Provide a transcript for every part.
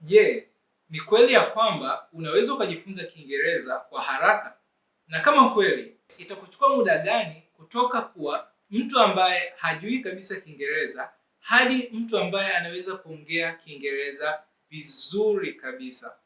Je, ni kweli ya kwamba unaweza ukajifunza Kiingereza kwa haraka? Na kama kweli, itakuchukua muda gani kutoka kuwa mtu ambaye hajui kabisa Kiingereza hadi mtu ambaye anaweza kuongea Kiingereza vizuri kabisa?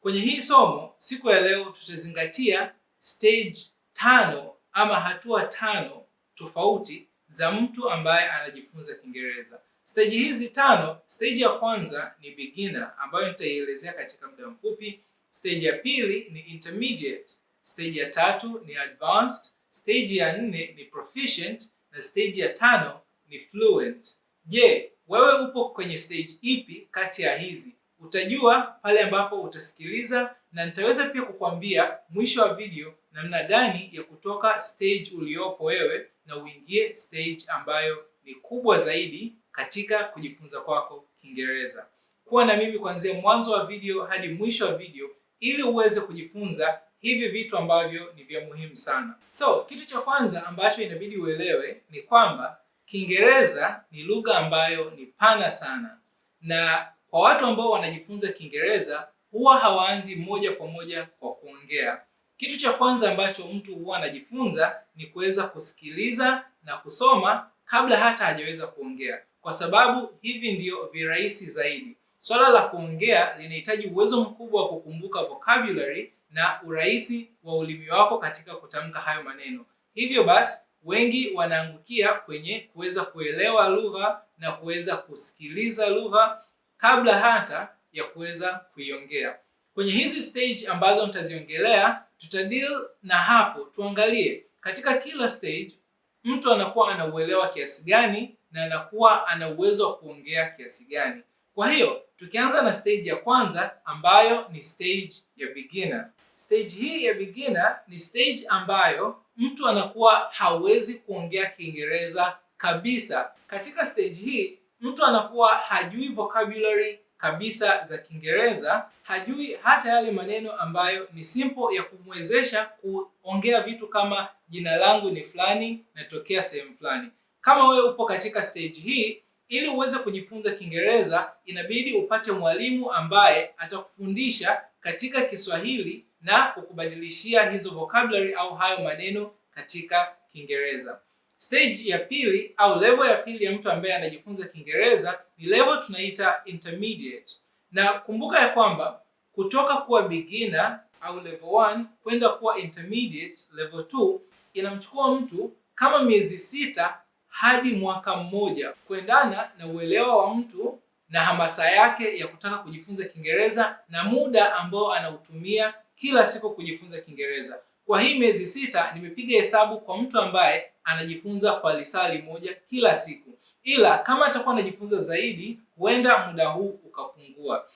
Kwenye hii somo siku ya leo tutazingatia stage tano ama hatua tano tofauti za mtu ambaye anajifunza Kiingereza. Stage hizi tano, stage ya kwanza ni beginner ambayo nitaielezea katika muda mfupi. Stage ya pili ni intermediate, stage ya tatu ni advanced, stage ya nne ni proficient na stage ya tano ni fluent. Je, wewe upo kwenye stage ipi kati ya hizi? Utajua pale ambapo utasikiliza na nitaweza pia kukwambia mwisho wa video namna gani ya kutoka stage uliopo wewe na uingie stage ambayo ni kubwa zaidi katika kujifunza kwako Kiingereza. Kuwa na mimi kuanzia mwanzo wa video hadi mwisho wa video ili uweze kujifunza hivi vitu ambavyo ni vya muhimu sana. So, kitu cha kwanza ambacho inabidi uelewe ni kwamba Kiingereza ni lugha ambayo ni pana sana, na kwa watu ambao wanajifunza Kiingereza huwa hawaanzi moja kwa moja kwa kuongea. Kitu cha kwanza ambacho mtu huwa anajifunza ni kuweza kusikiliza na kusoma kabla hata hajaweza kuongea kwa sababu hivi ndio virahisi zaidi. Swala la kuongea linahitaji uwezo mkubwa wa kukumbuka vocabulary na urahisi wa ulimi wako katika kutamka hayo maneno. Hivyo basi, wengi wanaangukia kwenye kuweza kuelewa lugha na kuweza kusikiliza lugha kabla hata ya kuweza kuiongea. Kwenye hizi stage ambazo nitaziongelea, tutadeal na hapo, tuangalie katika kila stage mtu anakuwa anauelewa kiasi gani na anakuwa ana uwezo wa kuongea kiasi gani. Kwa hiyo tukianza na stage ya kwanza ambayo ni stage ya beginner. Stage hii ya beginner ni stage ambayo mtu anakuwa hawezi kuongea Kiingereza kabisa. Katika stage hii mtu anakuwa hajui vocabulary kabisa za Kiingereza, hajui hata yale maneno ambayo ni simple ya kumwezesha kuongea vitu kama jina langu ni fulani, natokea sehemu fulani. Kama wewe upo katika stage hii, ili uweze kujifunza Kiingereza inabidi upate mwalimu ambaye atakufundisha katika Kiswahili na kukubadilishia hizo vocabulary au hayo maneno katika Kiingereza. Stage ya pili au level ya pili ya mtu ambaye anajifunza Kiingereza ni level tunaita intermediate, na kumbuka ya kwamba kutoka kuwa beginner au level 1 kwenda kuwa intermediate level 2 inamchukua mtu kama miezi sita hadi mwaka mmoja kuendana na uelewa wa mtu na hamasa yake ya kutaka kujifunza Kiingereza na muda ambao anautumia kila siku kujifunza Kiingereza. Kwa hii miezi sita nimepiga hesabu kwa mtu ambaye anajifunza kwa lisali moja kila siku, ila kama atakuwa anajifunza zaidi, huenda muda huu ukapungua.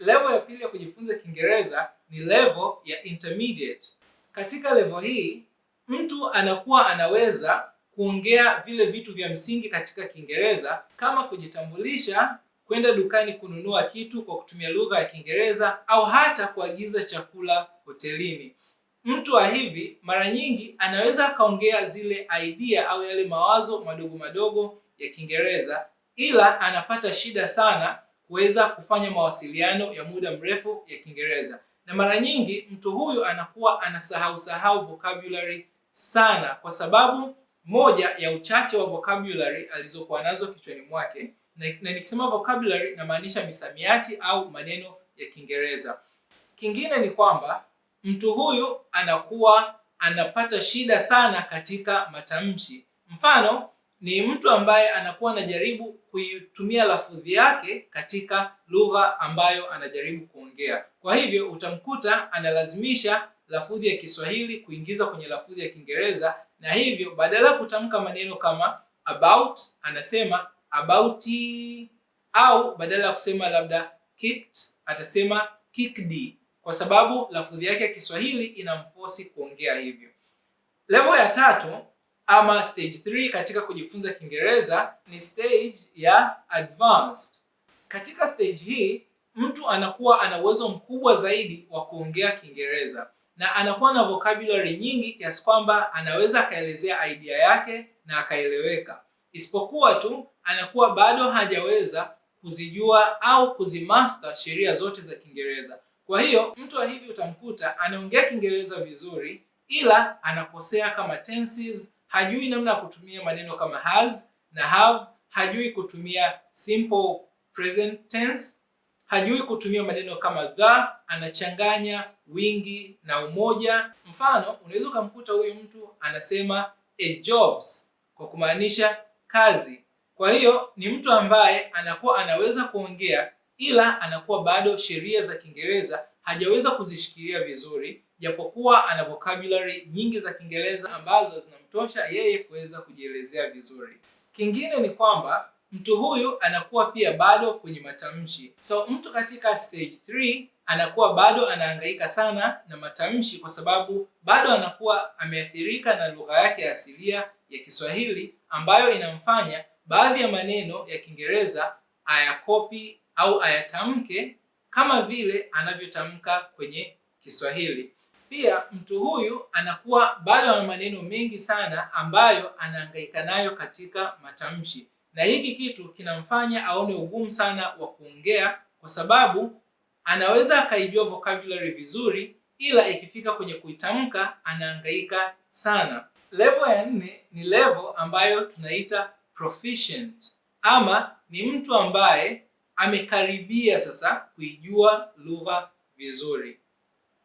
Level ya pili ya kujifunza Kiingereza ni level ya intermediate. Katika level hii mtu anakuwa anaweza kuongea vile vitu vya msingi katika Kiingereza kama kujitambulisha, kwenda dukani kununua kitu kwa kutumia lugha ya Kiingereza au hata kuagiza chakula hotelini. Mtu wa hivi mara nyingi anaweza akaongea zile idea au yale mawazo madogo madogo ya Kiingereza, ila anapata shida sana kuweza kufanya mawasiliano ya muda mrefu ya Kiingereza, na mara nyingi mtu huyu anakuwa anasahau sahau vocabulary sana kwa sababu moja ya uchache wa vocabulary alizokuwa nazo kichwani mwake, na nikisema vocabulary namaanisha misamiati au maneno ya Kiingereza. Kingine ni kwamba mtu huyu anakuwa anapata shida sana katika matamshi. Mfano ni mtu ambaye anakuwa anajaribu kuitumia lafudhi yake katika lugha ambayo anajaribu kuongea. Kwa hivyo utamkuta analazimisha lafudhi ya Kiswahili kuingiza kwenye lafudhi ya Kiingereza, na hivyo badala ya kutamka maneno kama about anasema about, au badala ya kusema labda kicked atasema kicked, kwa sababu lafudhi yake ya Kiswahili inamforce kuongea hivyo. Level ya tatu ama stage 3 katika kujifunza Kiingereza ni stage ya advanced. Katika stage hii mtu anakuwa ana uwezo mkubwa zaidi wa kuongea Kiingereza na anakuwa na vocabulary nyingi kiasi kwamba anaweza akaelezea idea yake na akaeleweka, isipokuwa tu anakuwa bado hajaweza kuzijua au kuzimaster sheria zote za Kiingereza. Kwa hiyo mtu wa hivi utamkuta anaongea Kiingereza vizuri, ila anakosea kama tenses, hajui namna ya kutumia maneno kama has na have, hajui kutumia simple present tense hajui kutumia maneno kama dha, anachanganya wingi na umoja. Mfano, unaweza ukamkuta huyu mtu anasema a jobs kwa kumaanisha kazi. Kwa hiyo ni mtu ambaye anakuwa anaweza kuongea ila anakuwa bado sheria za Kiingereza hajaweza kuzishikilia vizuri, japokuwa ana vocabulary nyingi za Kiingereza ambazo zinamtosha yeye kuweza kujielezea vizuri. Kingine ni kwamba mtu huyu anakuwa pia bado kwenye matamshi. So mtu katika stage 3 anakuwa bado anahangaika sana na matamshi, kwa sababu bado anakuwa ameathirika na lugha yake ya asilia ya Kiswahili, ambayo inamfanya baadhi ya maneno ya Kiingereza ayakopi au ayatamke kama vile anavyotamka kwenye Kiswahili. Pia mtu huyu anakuwa bado ana maneno mengi sana ambayo anahangaika nayo katika matamshi na hiki kitu kinamfanya aone ugumu sana wa kuongea, kwa sababu anaweza akaijua vocabulary vizuri, ila ikifika kwenye kuitamka anahangaika sana. Level ya nne ni level ambayo tunaita proficient, ama ni mtu ambaye amekaribia sasa kuijua lugha vizuri.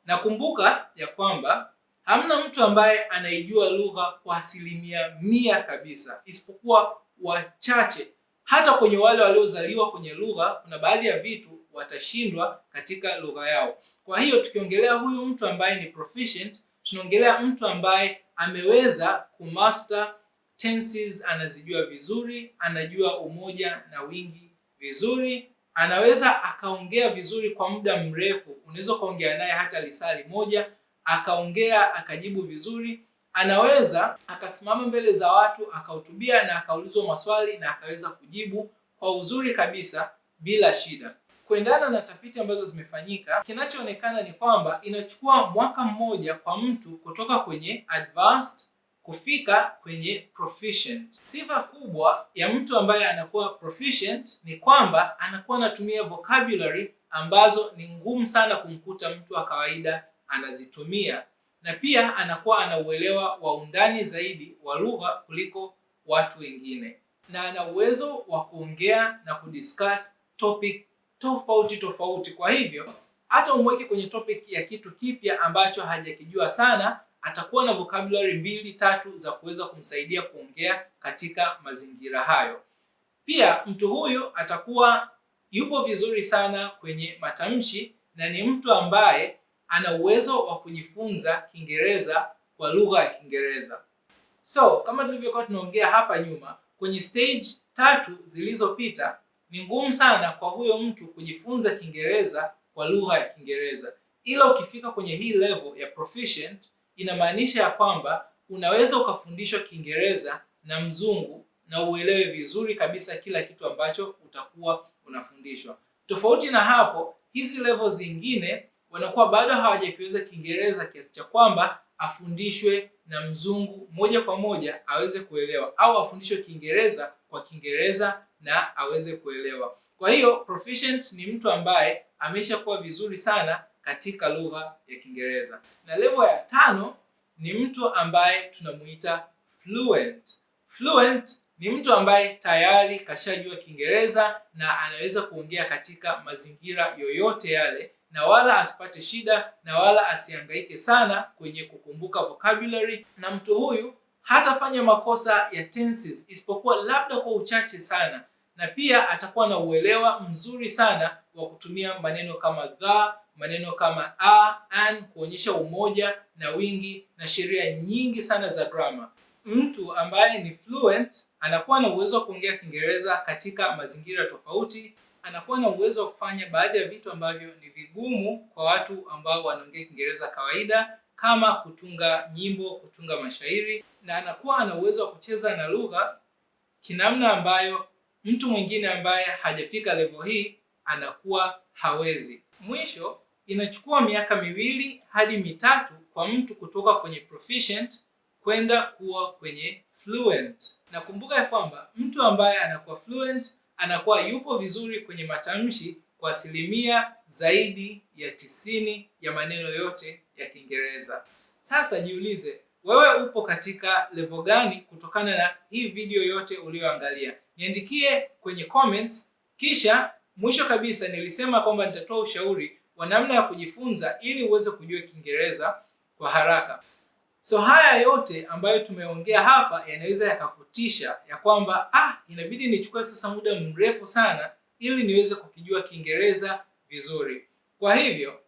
Nakumbuka ya kwamba hamna mtu ambaye anaijua lugha kwa asilimia mia kabisa, isipokuwa wachache. Hata kwenye wale waliozaliwa kwenye lugha, kuna baadhi ya vitu watashindwa katika lugha yao. Kwa hiyo tukiongelea huyu mtu ambaye ni proficient, tunaongelea mtu ambaye ameweza kumaster tenses, anazijua vizuri, anajua umoja na wingi vizuri, anaweza akaongea vizuri kwa muda mrefu. Unaweza ukaongea naye hata lisali moja, akaongea akajibu vizuri anaweza akasimama mbele za watu akahutubia na akaulizwa maswali na akaweza kujibu kwa uzuri kabisa bila shida. Kuendana na tafiti ambazo zimefanyika, kinachoonekana ni kwamba inachukua mwaka mmoja kwa mtu kutoka kwenye advanced kufika kwenye proficient. Sifa kubwa ya mtu ambaye anakuwa proficient ni kwamba anakuwa anatumia vocabulary ambazo ni ngumu sana kumkuta mtu wa kawaida anazitumia na pia anakuwa ana uelewa wa undani zaidi wa lugha kuliko watu wengine, na ana uwezo wa kuongea na kudiscuss topic tofauti tofauti. Kwa hivyo hata umweke kwenye topic ya kitu kipya ambacho hajakijua sana, atakuwa na vocabulary mbili tatu za kuweza kumsaidia kuongea katika mazingira hayo. Pia mtu huyu atakuwa yupo vizuri sana kwenye matamshi na ni mtu ambaye ana uwezo wa kujifunza Kiingereza kwa lugha ya Kiingereza. So kama tulivyokuwa tunaongea hapa nyuma, kwenye stage tatu zilizopita, ni ngumu sana kwa huyo mtu kujifunza Kiingereza kwa lugha ya Kiingereza, ila ukifika kwenye hii level ya proficient, inamaanisha ya kwamba unaweza ukafundishwa Kiingereza na mzungu na uelewe vizuri kabisa kila kitu ambacho utakuwa unafundishwa. Tofauti na hapo, hizi level zingine wanakuwa bado hawajakiweza Kiingereza kiasi cha kwamba afundishwe na mzungu moja kwa moja aweze kuelewa, au afundishwe Kiingereza kwa Kiingereza na aweze kuelewa. Kwa hiyo proficient ni mtu ambaye ameshakuwa vizuri sana katika lugha ya Kiingereza. Na level ya tano ni mtu ambaye tunamuita fluent. Fluent ni mtu ambaye tayari kashajua Kiingereza na anaweza kuongea katika mazingira yoyote yale na wala asipate shida na wala asihangaike sana kwenye kukumbuka vocabulary, na mtu huyu hatafanya makosa ya tenses isipokuwa labda kwa uchache sana, na pia atakuwa na uelewa mzuri sana wa kutumia maneno kama the, maneno kama a, an kuonyesha umoja na wingi na sheria nyingi sana za grammar. Mtu ambaye ni fluent anakuwa na uwezo wa kuongea Kiingereza katika mazingira tofauti anakuwa na uwezo wa kufanya baadhi ya vitu ambavyo ni vigumu kwa watu ambao wanaongea Kiingereza kawaida kama kutunga nyimbo, kutunga mashairi, na anakuwa ana uwezo wa kucheza na lugha kinamna ambayo mtu mwingine ambaye hajafika level hii anakuwa hawezi. Mwisho, inachukua miaka miwili hadi mitatu kwa mtu kutoka kwenye proficient kwenda kuwa kwenye fluent. Nakumbuka ya kwamba mtu ambaye anakuwa fluent anakuwa yupo vizuri kwenye matamshi kwa asilimia zaidi ya tisini ya maneno yote ya Kiingereza. Sasa jiulize, wewe upo katika level gani kutokana na hii video yote uliyoangalia? Niandikie kwenye comments, kisha mwisho kabisa nilisema kwamba nitatoa ushauri wa namna ya kujifunza ili uweze kujua Kiingereza kwa haraka. So haya yote ambayo tumeongea hapa yanaweza yakakutisha ya kwamba ah, inabidi nichukue sasa muda mrefu sana ili niweze kukijua Kiingereza vizuri. Kwa hivyo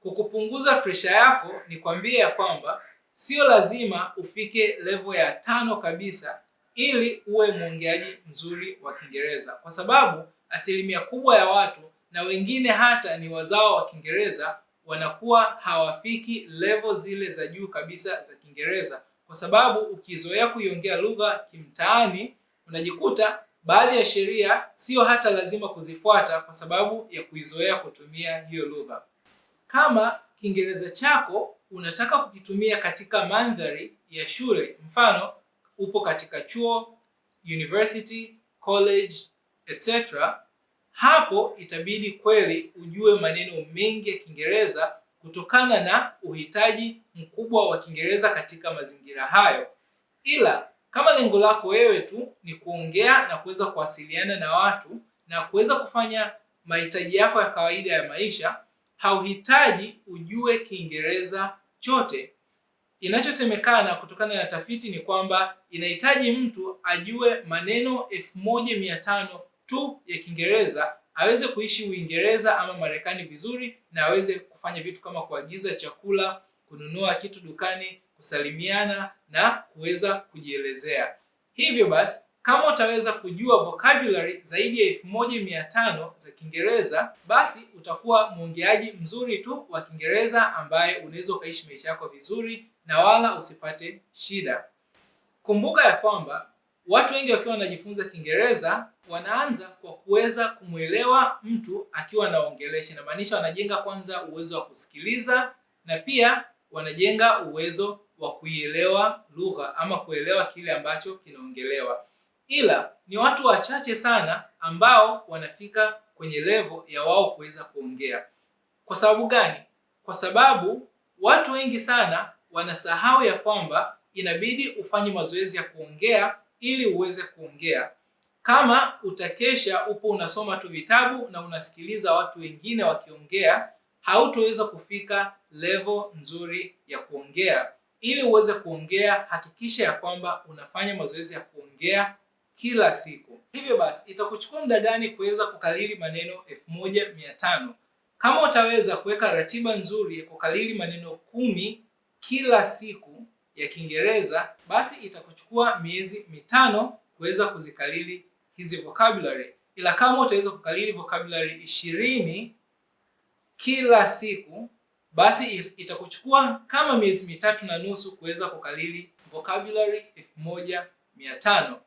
kukupunguza presha yako ni kwambie ya kwamba sio lazima ufike level ya tano kabisa ili uwe mwongeaji mzuri wa Kiingereza, kwa sababu asilimia kubwa ya watu na wengine hata ni wazao wa Kiingereza wanakuwa hawafiki level zile za juu kabisa za Kiingereza, kwa sababu ukizoea kuiongea lugha kimtaani, unajikuta baadhi ya sheria sio hata lazima kuzifuata kwa sababu ya kuizoea kutumia hiyo lugha. Kama Kiingereza chako unataka kukitumia katika mandhari ya shule, mfano upo katika chuo, university, college, etc hapo itabidi kweli ujue maneno mengi ya Kiingereza kutokana na uhitaji mkubwa wa Kiingereza katika mazingira hayo. Ila kama lengo lako wewe tu ni kuongea na kuweza kuwasiliana na watu na kuweza kufanya mahitaji yako ya kawaida ya maisha, hauhitaji ujue Kiingereza chote. Inachosemekana kutokana na tafiti ni kwamba inahitaji mtu ajue maneno elfu moja mia tano tu ya Kiingereza aweze kuishi Uingereza ama Marekani vizuri, na aweze kufanya vitu kama kuagiza chakula, kununua kitu dukani, kusalimiana na kuweza kujielezea. Hivyo basi kama utaweza kujua vocabulary zaidi ya elfu moja mia tano za Kiingereza, basi utakuwa mwongeaji mzuri tu wa Kiingereza ambaye unaweza ukaishi maisha yako vizuri na wala usipate shida. Kumbuka ya kwamba Watu wengi wakiwa wanajifunza Kiingereza wanaanza kwa kuweza kumwelewa mtu akiwa anaongelesha, inamaanisha wanajenga kwanza uwezo wa kusikiliza na pia wanajenga uwezo wa kuielewa lugha ama kuelewa kile ambacho kinaongelewa, ila ni watu wachache sana ambao wanafika kwenye levo ya wao kuweza kuongea. Kwa sababu gani? Kwa sababu watu wengi sana wanasahau ya kwamba inabidi ufanye mazoezi ya kuongea ili uweze kuongea. Kama utakesha upo unasoma tu vitabu na unasikiliza watu wengine wakiongea, hautoweza kufika level nzuri ya kuongea. Ili uweze kuongea, hakikisha ya kwamba unafanya mazoezi ya kuongea kila siku. Hivyo basi, itakuchukua muda gani kuweza kukalili maneno elfu moja mia tano? Kama utaweza kuweka ratiba nzuri ya kukalili maneno kumi kila siku ya Kiingereza, basi itakuchukua miezi mitano kuweza kuzikalili hizi vocabulary, ila kama utaweza kukalili vocabulary ishirini kila siku, basi itakuchukua kama miezi mitatu na nusu kuweza kukalili vocabulary elfu moja mia tano.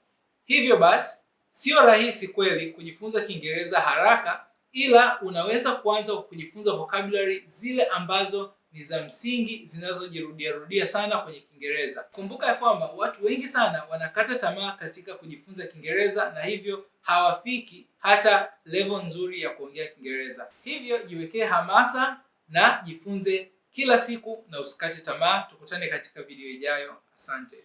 Hivyo basi sio rahisi kweli kujifunza Kiingereza haraka, ila unaweza kuanza kujifunza vocabulary zile ambazo ni za msingi zinazojirudiarudia sana kwenye Kiingereza. Kumbuka ya kwamba watu wengi sana wanakata tamaa katika kujifunza Kiingereza na hivyo hawafiki hata level nzuri ya kuongea Kiingereza. Hivyo jiwekee hamasa na jifunze kila siku na usikate tamaa. Tukutane katika video ijayo. Asante.